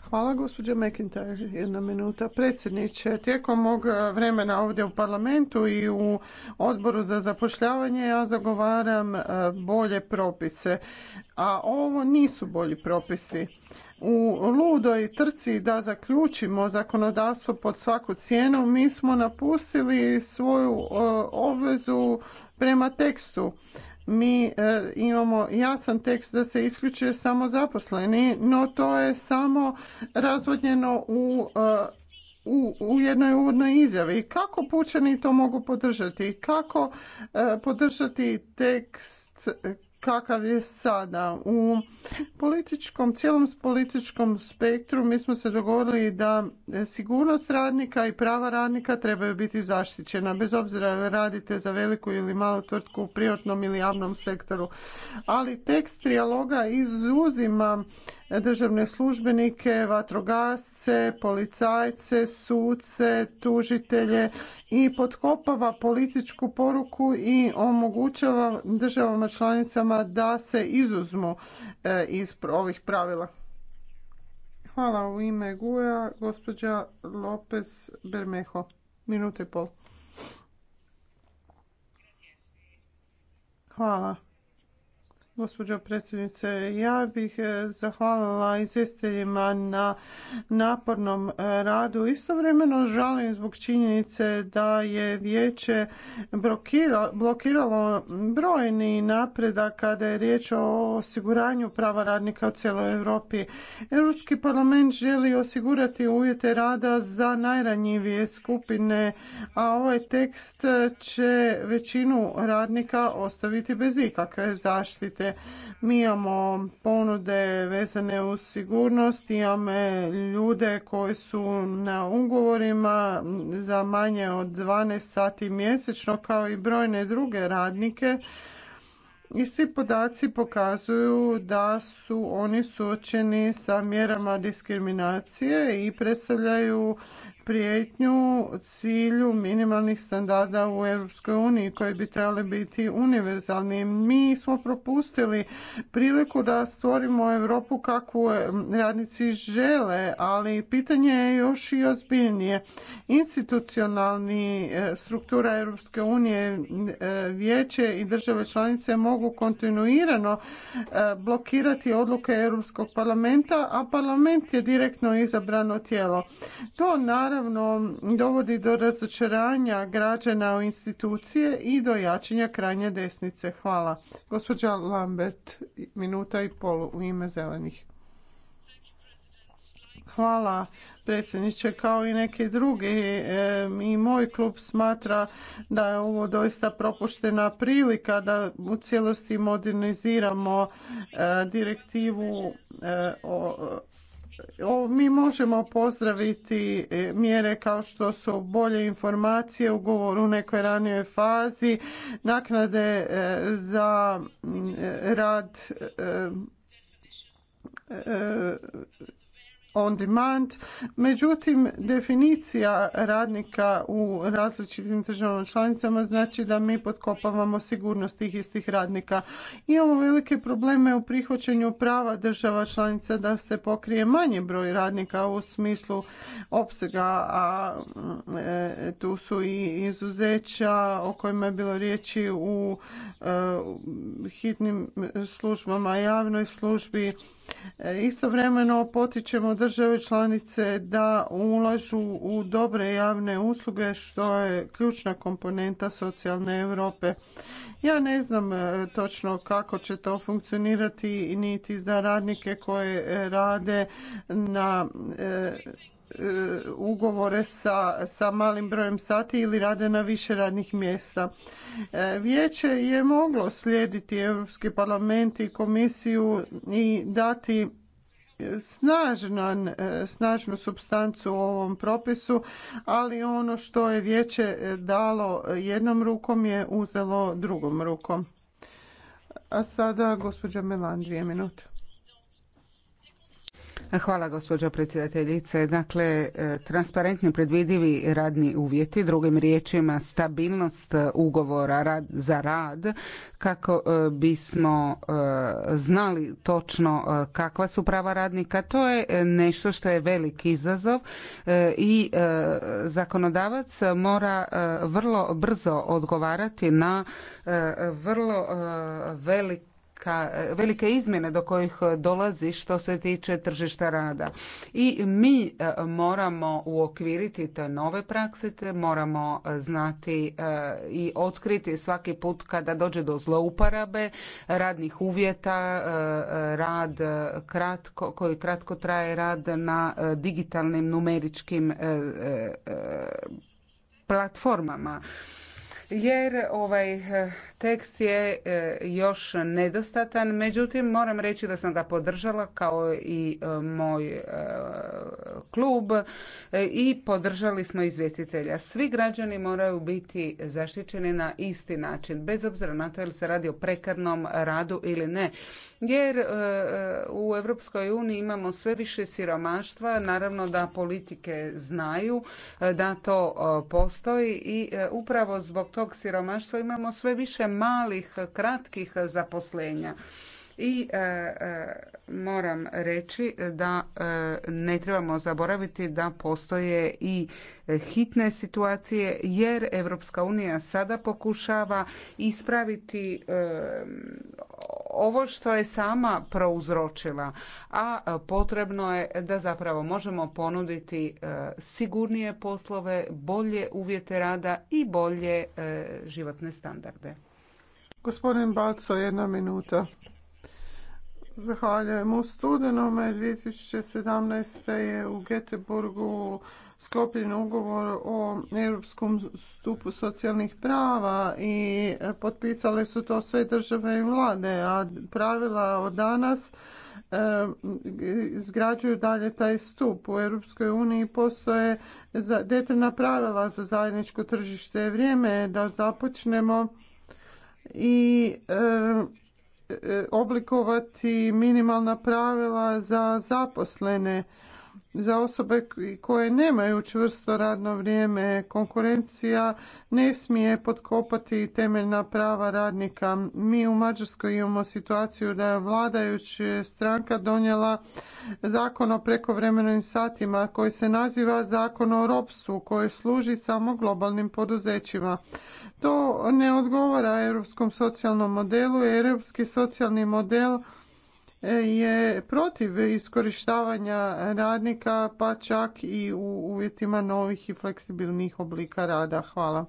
Hvala gospođo McIntyre. Jedna minuta. Predsjedniče, tijekom mog vremena ovdje u parlamentu i u odboru za zapošljavanje ja zagovaram e, bolje propise, a ovo nisu bolji propisi. U ludoj trci da zaključimo zakonodavstvo pod svaku cijenu, mi smo napustili svoju e, obvezu prema tekstu mi e, imamo jasan tekst da se isključuje samo zaposleni, no to je samo razvodnjeno u e, u, u jednoj uvodnoj izjavi. Kako pučani to mogu podržati? Kako e, podržati tekst kakav je sada. U političkom, cijelom političkom spektru mi smo se dogovorili da sigurnost radnika i prava radnika trebaju biti zaštićena, bez obzira radite za veliku ili malu tvrtku u privatnom ili javnom sektoru. Ali tekst trijaloga izuzima državne službenike, vatrogasce, policajce, suce, tužitelje i potkopava političku poruku i omogućava državama članicama da se izuzmu e, iz ovih pravila. Hvala u ime Guja, gospođa Lopez Bermejo. Minuta i pol. Hvala. Gospođo predsjednice, ja bih e, zahvalila izvjestiteljima na napornom e, radu. Istovremeno žalim zbog činjenice da je vijeće blokiralo brojni napredak kada je riječ o osiguranju prava radnika u cijeloj Europi. Europski parlament želi osigurati uvjete rada za najranjivije skupine, a ovaj tekst će većinu radnika ostaviti bez ikakve zaštite mi imamo ponude vezane uz sigurnost, imamo ljude koji su na ugovorima za manje od 12 sati mjesečno kao i brojne druge radnike i svi podaci pokazuju da su oni suočeni sa mjerama diskriminacije i predstavljaju prijetnju cilju minimalnih standarda u Europskoj uniji koji bi trebali biti univerzalni. Mi smo propustili priliku da stvorimo Europu kakvu radnici žele, ali pitanje je još i ozbiljnije. Institucionalni e, struktura Europske unije, e, vijeće i države članice mogu kontinuirano e, blokirati odluke Europskog parlamenta, a parlament je direktno izabrano tijelo. To naravno naravno dovodi do razočaranja građana u institucije i do jačanja krajnje desnice. Hvala. Gospođa Lambert, minuta i pol u ime zelenih. Hvala predsjedniče. Kao i neke druge. i moj klub smatra da je ovo doista propuštena prilika da u cijelosti moderniziramo e, direktivu e, o mi možemo pozdraviti e, mjere kao što su bolje informacije, ugovor u nekoj ranijoj fazi, naknade e, za e, rad on demand. Međutim, definicija radnika u različitim državama članicama znači da mi podkopavamo sigurnost tih istih radnika. Imamo velike probleme u prihvaćanju prava država članica da se pokrije manji broj radnika u smislu opsega, a e, tu su i izuzeća o kojima je bilo riječi u e, hitnim službama, javnoj službi, Istovremeno potičemo države članice da ulažu u dobre javne usluge što je ključna komponenta socijalne Europe. Ja ne znam e, točno kako će to funkcionirati niti za radnike koje e, rade na e, E, ugovore sa, sa malim brojem sati ili rade na više radnih mjesta. E, vijeće je moglo slijediti Europski parlament i komisiju i dati snažnan, e, snažnu substancu u ovom propisu, ali ono što je vijeće dalo jednom rukom je uzelo drugom rukom. A sada gospođa Melan, dvije minute. Hvala gospođo predsjedateljice. Dakle, e, transparentni predvidivi radni uvjeti, drugim riječima stabilnost e, ugovora rad za rad kako e, bismo znali točno kakva su prava radnika, to je nešto što je velik izazov i zakonodavac mora vrlo brzo odgovarati na vrlo velik velika, velike izmjene do kojih dolazi što se tiče tržišta rada. I mi e, moramo uokviriti te nove prakse, te moramo e, znati e, i otkriti svaki put kada dođe do zlouporabe radnih uvjeta, rad kratko, koji kratko traje rad na digitalnim numeričkim platformama jer ovaj tekst je e, još nedostatan. Međutim, moram reći da sam ga podržala kao i e, moj e, klub i podržali smo izvjestitelja. Svi građani moraju biti zaštićeni na isti način, bez obzira na to je li se radi o prekarnom radu ili ne jer e, e, u Europskoj uniji imamo sve više siromaštva, naravno da politike znaju e, da to postoji i upravo zbog tog siromaštva imamo sve više malih kratkih zaposlenja i e, e, moram reći da e, ne trebamo zaboraviti da postoje i hitne situacije jer Europska unija sada pokušava ispraviti ovo što je sama prouzročila, a potrebno je da zapravo možemo ponuditi sigurnije poslove, bolje uvjete rada i bolje životne standarde. Gospodin Balco, jedna minuta. Zahvaljujem. U studenome 2017. je u Göteborgu sklopljen ugovor o Europskom stupu socijalnih prava i potpisale su to sve države i vlade, a pravila od danas e, izgrađuju dalje taj stup. U Europskoj uniji postoje detaljna pravila za zajedničko tržište. Vrijeme je da započnemo i e, E, oblikovati minimalna pravila za zaposlene za osobe koje nemaju čvrsto radno vrijeme. Konkurencija ne smije potkopati temeljna prava radnika. Mi u Mađarskoj imamo situaciju da je vladajuća stranka donijela zakon o prekovremenim satima koji se naziva zakon o ropstvu koji služi samo globalnim poduzećima. To ne odgovara europskom socijalnom modelu europski socijalni model je protiv iskorištavanja radnika pa čak i u uvjetima novih i fleksibilnih oblika rada. Hvala.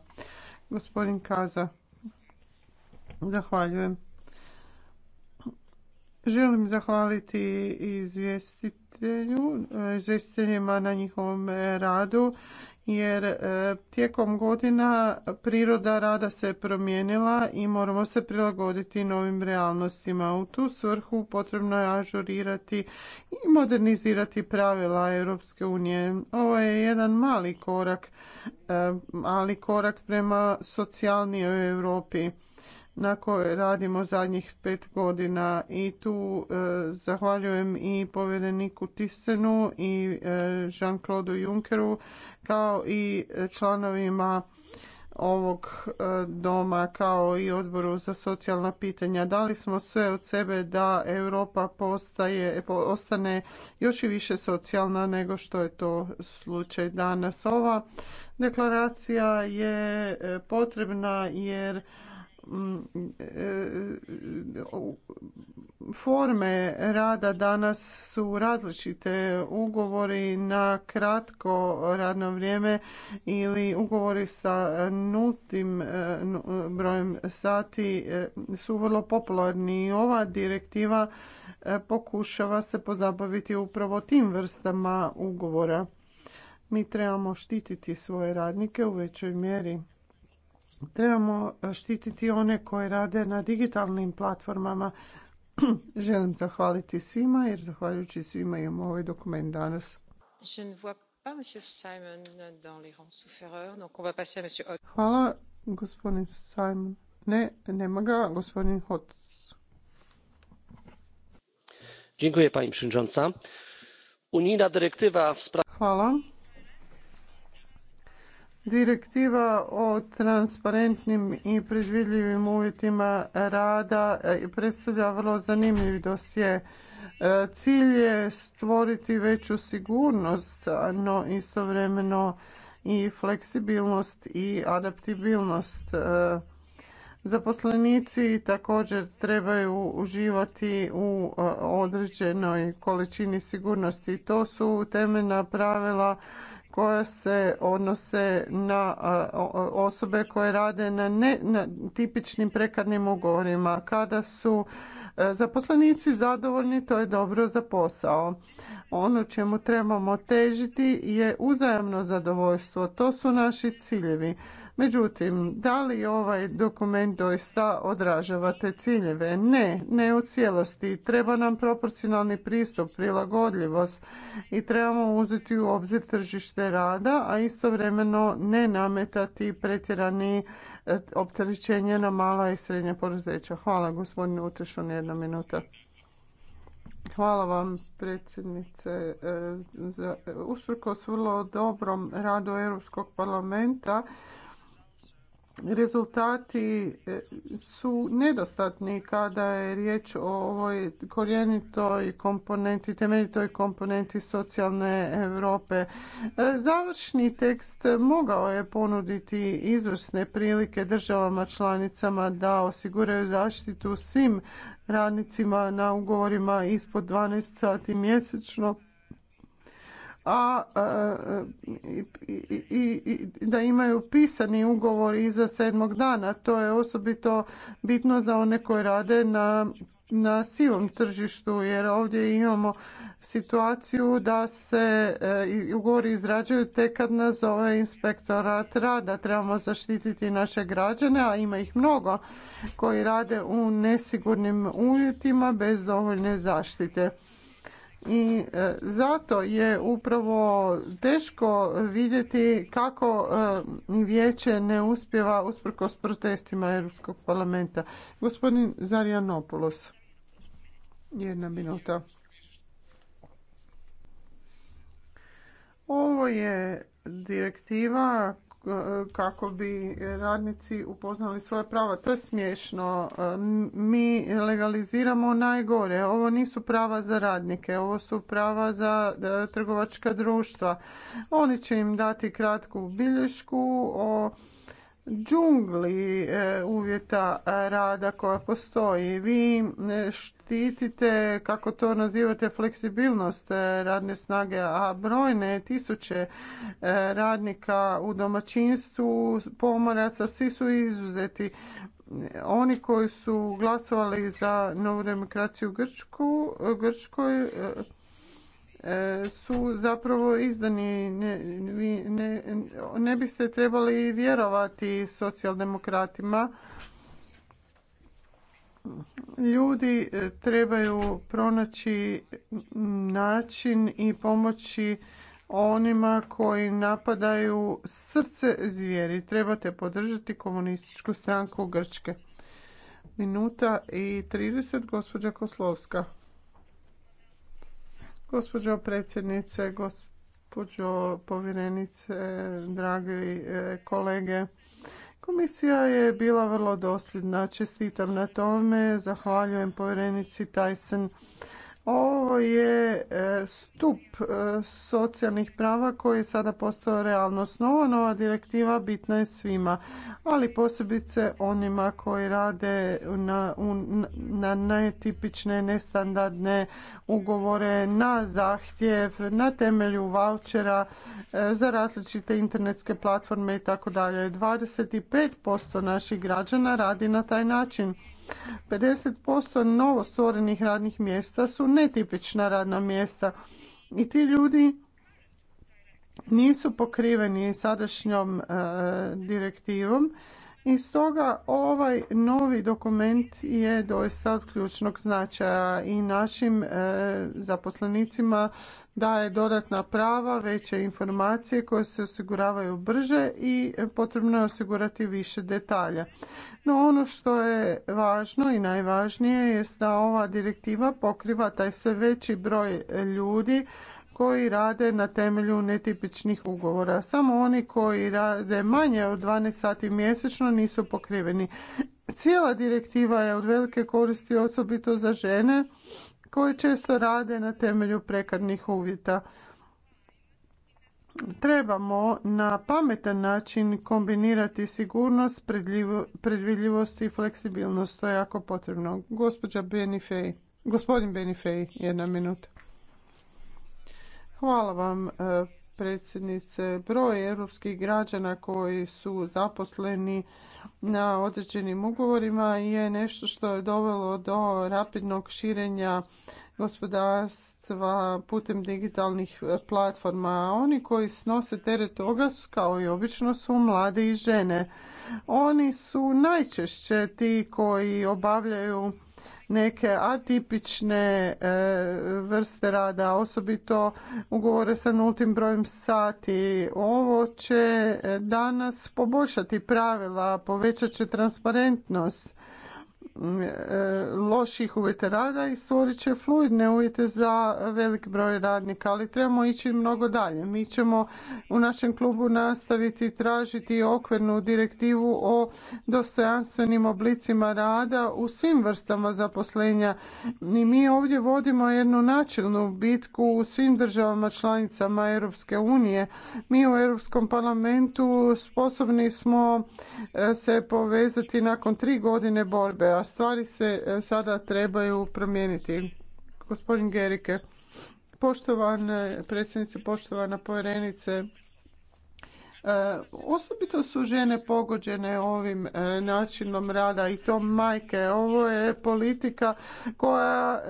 Gospodin Kaza. Zahvaljujem. Želim zahvaliti izvjestiteljima na njihovom radu jer e, tijekom godina priroda rada se promijenila i moramo se prilagoditi novim realnostima. U tu svrhu potrebno je ažurirati i modernizirati pravila Europske unije. Ovo je jedan mali korak, e, ali korak prema socijalnijoj Europi na kojoj radimo zadnjih pet godina i tu e, zahvaljujem i povjereniku tisenu i e, Jean-Claude Junckeru kao i članovima ovog e, doma kao i odboru za socijalna pitanja. Dali smo sve od sebe da Europa postaje, ostane još i više socijalna nego što je to slučaj danas. Ova deklaracija je potrebna jer Mm, e, e, forme rada danas su različite. Ugovori na kratko radno vrijeme ili ugovori sa nultim e, brojem sati su vrlo popularni i ova direktiva pokušava se pozabaviti upravo tim vrstama ugovora. Mi trebamo štititi svoje radnike u većoj mjeri. Trebamo e, štititi one koji rade na digitalnim platformama. Želim zahvaliti svima jer zahvaljujući svima imamo ovaj dokument danas. Hvala gospodin Simon. Ne, nema ga, gospodin Hot. Dziękuję pani przewodnicząca. Unijna dyrektywa w sprawie... Hvala. Direktiva o transparentnim i predvidljivim uvjetima rada e, predstavlja vrlo zanimljiv dosje. E, cilj je stvoriti veću sigurnost, no istovremeno i fleksibilnost i adaptibilnost. E, zaposlenici također trebaju uživati u određenoj količini sigurnosti. To su temeljna pravila koja se odnose na osobe koje rade na tipičnim prekarnim ugovorima. Kada su e, zaposlenici zadovoljni, to je dobro za posao. Ono čemu trebamo težiti je uzajamno zadovoljstvo. To su naši ciljevi. Međutim, da li ovaj dokument doista odražava te ciljeve? Ne, ne u cijelosti. Treba nam proporcionalni pristup, prilagodljivost i trebamo uzeti u obzir tržište rada, a istovremeno ne nametati pretjerani e, opterećenje na mala i srednja poduzeća. Hvala gospodine Utešon, jedna minuta. Hvala vam predsjednice. E, e, usprkos vrlo dobrom radu Europskog parlamenta, rezultati e, su nedostatni kada je riječ o ovoj korjenitoj komponenti, temeljitoj komponenti socijalne Europe. E, završni tekst mogao je ponuditi izvrsne prilike državama članicama da osiguraju zaštitu svim radnicima na ugovorima ispod 12 sati mjesečno a i, da imaju pisani ugovor iza sedmog dana. To je osobito bitno za one koji rade na na sivom tržištu jer ovdje imamo situaciju da se e, ugovori izrađuju tek kad nas zove inspektorat rada. Trebamo zaštititi naše građane, a ima ih mnogo koji rade u nesigurnim uvjetima bez dovoljne zaštite i e, zato je upravo teško vidjeti kako e, vijeće ne uspjeva usprkos protestima Europskog parlamenta. Gospodin Zarianopoulos, jedna minuta. Ovo je direktiva kako bi radnici upoznali svoje prava. To je smiješno. Mi legaliziramo najgore. Ovo nisu prava za radnike, ovo su prava za e, trgovačka društva. Oni će im dati kratku bilješku o džungli e, uvjeta e, rada koja postoji. Vi e, štitite, kako to nazivate, fleksibilnost radne snage, a brojne tisuće radnika u domaćinstvu, pomoraca, svi su izuzeti. Oni koji su glasovali za novu demokraciju Grčku, Grčkoj, E, su zapravo izdani. Ne, ne, biste trebali vjerovati socijaldemokratima. Ljudi e, trebaju pronaći način i pomoći onima koji napadaju srce zvijeri. Trebate podržati komunističku stranku Grčke. Minuta i 30, gospođa Koslovska. Gospođo predsjednice, gospođo povjerenice, dragi e, kolege, Komisija je bila vrlo dosljedna. Čestitam na tome. Zahvaljujem povjerenici Tyson ovo je e, stup e, socijalnih prava koji je sada postao realnost. Nova nova direktiva bitna je svima, ali posebice onima koji rade na, na netipične, nestandardne ugovore, na zahtjev, na temelju vouchera, e, za različite internetske platforme i tako dalje. 25% naših građana radi na taj način 50% novo stvorenih radnih mjesta su netipična radna mjesta i ti ljudi nisu pokriveni sadašnjom e, direktivom i stoga ovaj novi dokument je doista od ključnog značaja i našim e, zaposlenicima daje dodatna prava, veće informacije koje se osiguravaju brže i potrebno je osigurati više detalja. No ono što je važno i najvažnije je da ova direktiva pokriva taj sve veći broj ljudi koji rade na temelju netipičnih ugovora. Samo oni koji rade manje od 12 sati mjesečno nisu pokriveni. Cijela direktiva je od velike koristi osobito za žene koje često rade na temelju prekarnih uvjeta. Trebamo na pametan način kombinirati sigurnost, predvidljivost i fleksibilnost. To je jako potrebno. Gospođa Benifej, gospodin Benifej, jedna minuta. Hvala vam e, predsjednice. Broj europskih građana koji su zaposleni na određenim ugovorima je nešto što je dovelo do rapidnog širenja gospodarstva putem digitalnih platforma. Oni koji snose teret toga kao i obično su mlade i žene. Oni su najčešće ti koji obavljaju neke atipične e, vrste rada, osobito ugovore sa nultim brojem sati. Ovo će e, danas poboljšati pravila, povećat će transparentnost Eh, loših uvjeta rada i stvorit će fluidne uvjete za velik broj radnika, ali trebamo ići mnogo dalje. Mi ćemo u našem klubu nastaviti tražiti okvirnu direktivu o dostojanstvenim oblicima rada u svim vrstama zaposlenja. I mi ovdje vodimo jednu načelnu bitku u svim državama članicama Europske unije. Mi u Europskom parlamentu sposobni smo eh, se povezati nakon tri godine borbe, stvari se e, sada trebaju promijeniti. Gospodin Gerike, poštovane predsjednice, poštovana povjerenice, e, Osobito su žene pogođene ovim e, načinom rada i to majke. Ovo je politika koja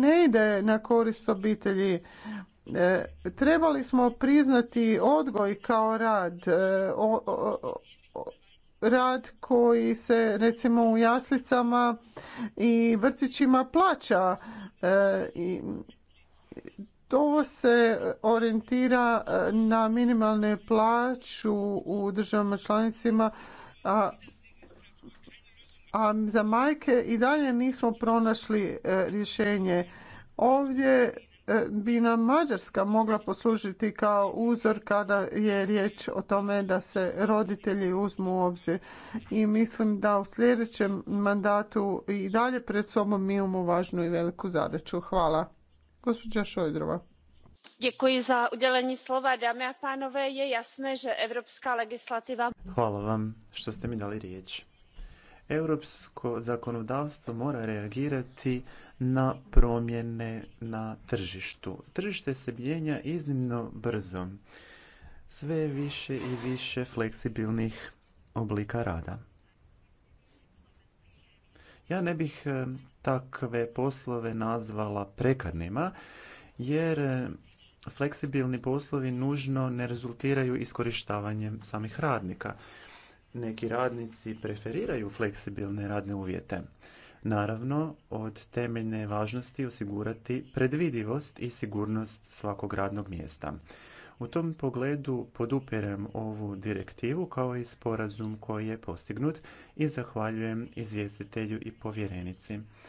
ne ide na korist obitelji. Trebali smo priznati odgoj kao rad rad koji se recimo u jaslicama i vrtićima plaća e, i to se orijentira e, na minimalne plaću u državama članicima. a, a za majke i dalje nismo pronašli e, rješenje. Ovdje bi nam Mađarska mogla poslužiti kao uzor kada je riječ o tome da se roditelji uzmu u obzir. I mislim da u sljedećem mandatu i dalje pred sobom mi imamo važnu i veliku zadaću. Hvala. Gospođa Šojdrova dámy a pánové je jasné že evropská legislativa. hvala vam što ste mi dali riječ Europsko zakonodavstvo mora reagirati na promjene na tržištu. Tržište se mijenja iznimno brzo. Sve više i više fleksibilnih oblika rada. Ja ne bih e, takve poslove nazvala prekarnima, jer e, fleksibilni poslovi nužno ne rezultiraju iskorištavanjem samih radnika neki radnici preferiraju fleksibilne radne uvjete. Naravno, od temeljne je važnosti osigurati predvidivost i sigurnost svakog radnog mjesta. U tom pogledu podupirem ovu direktivu kao i sporazum koji je postignut i zahvaljujem izvjestitelju i povjerenici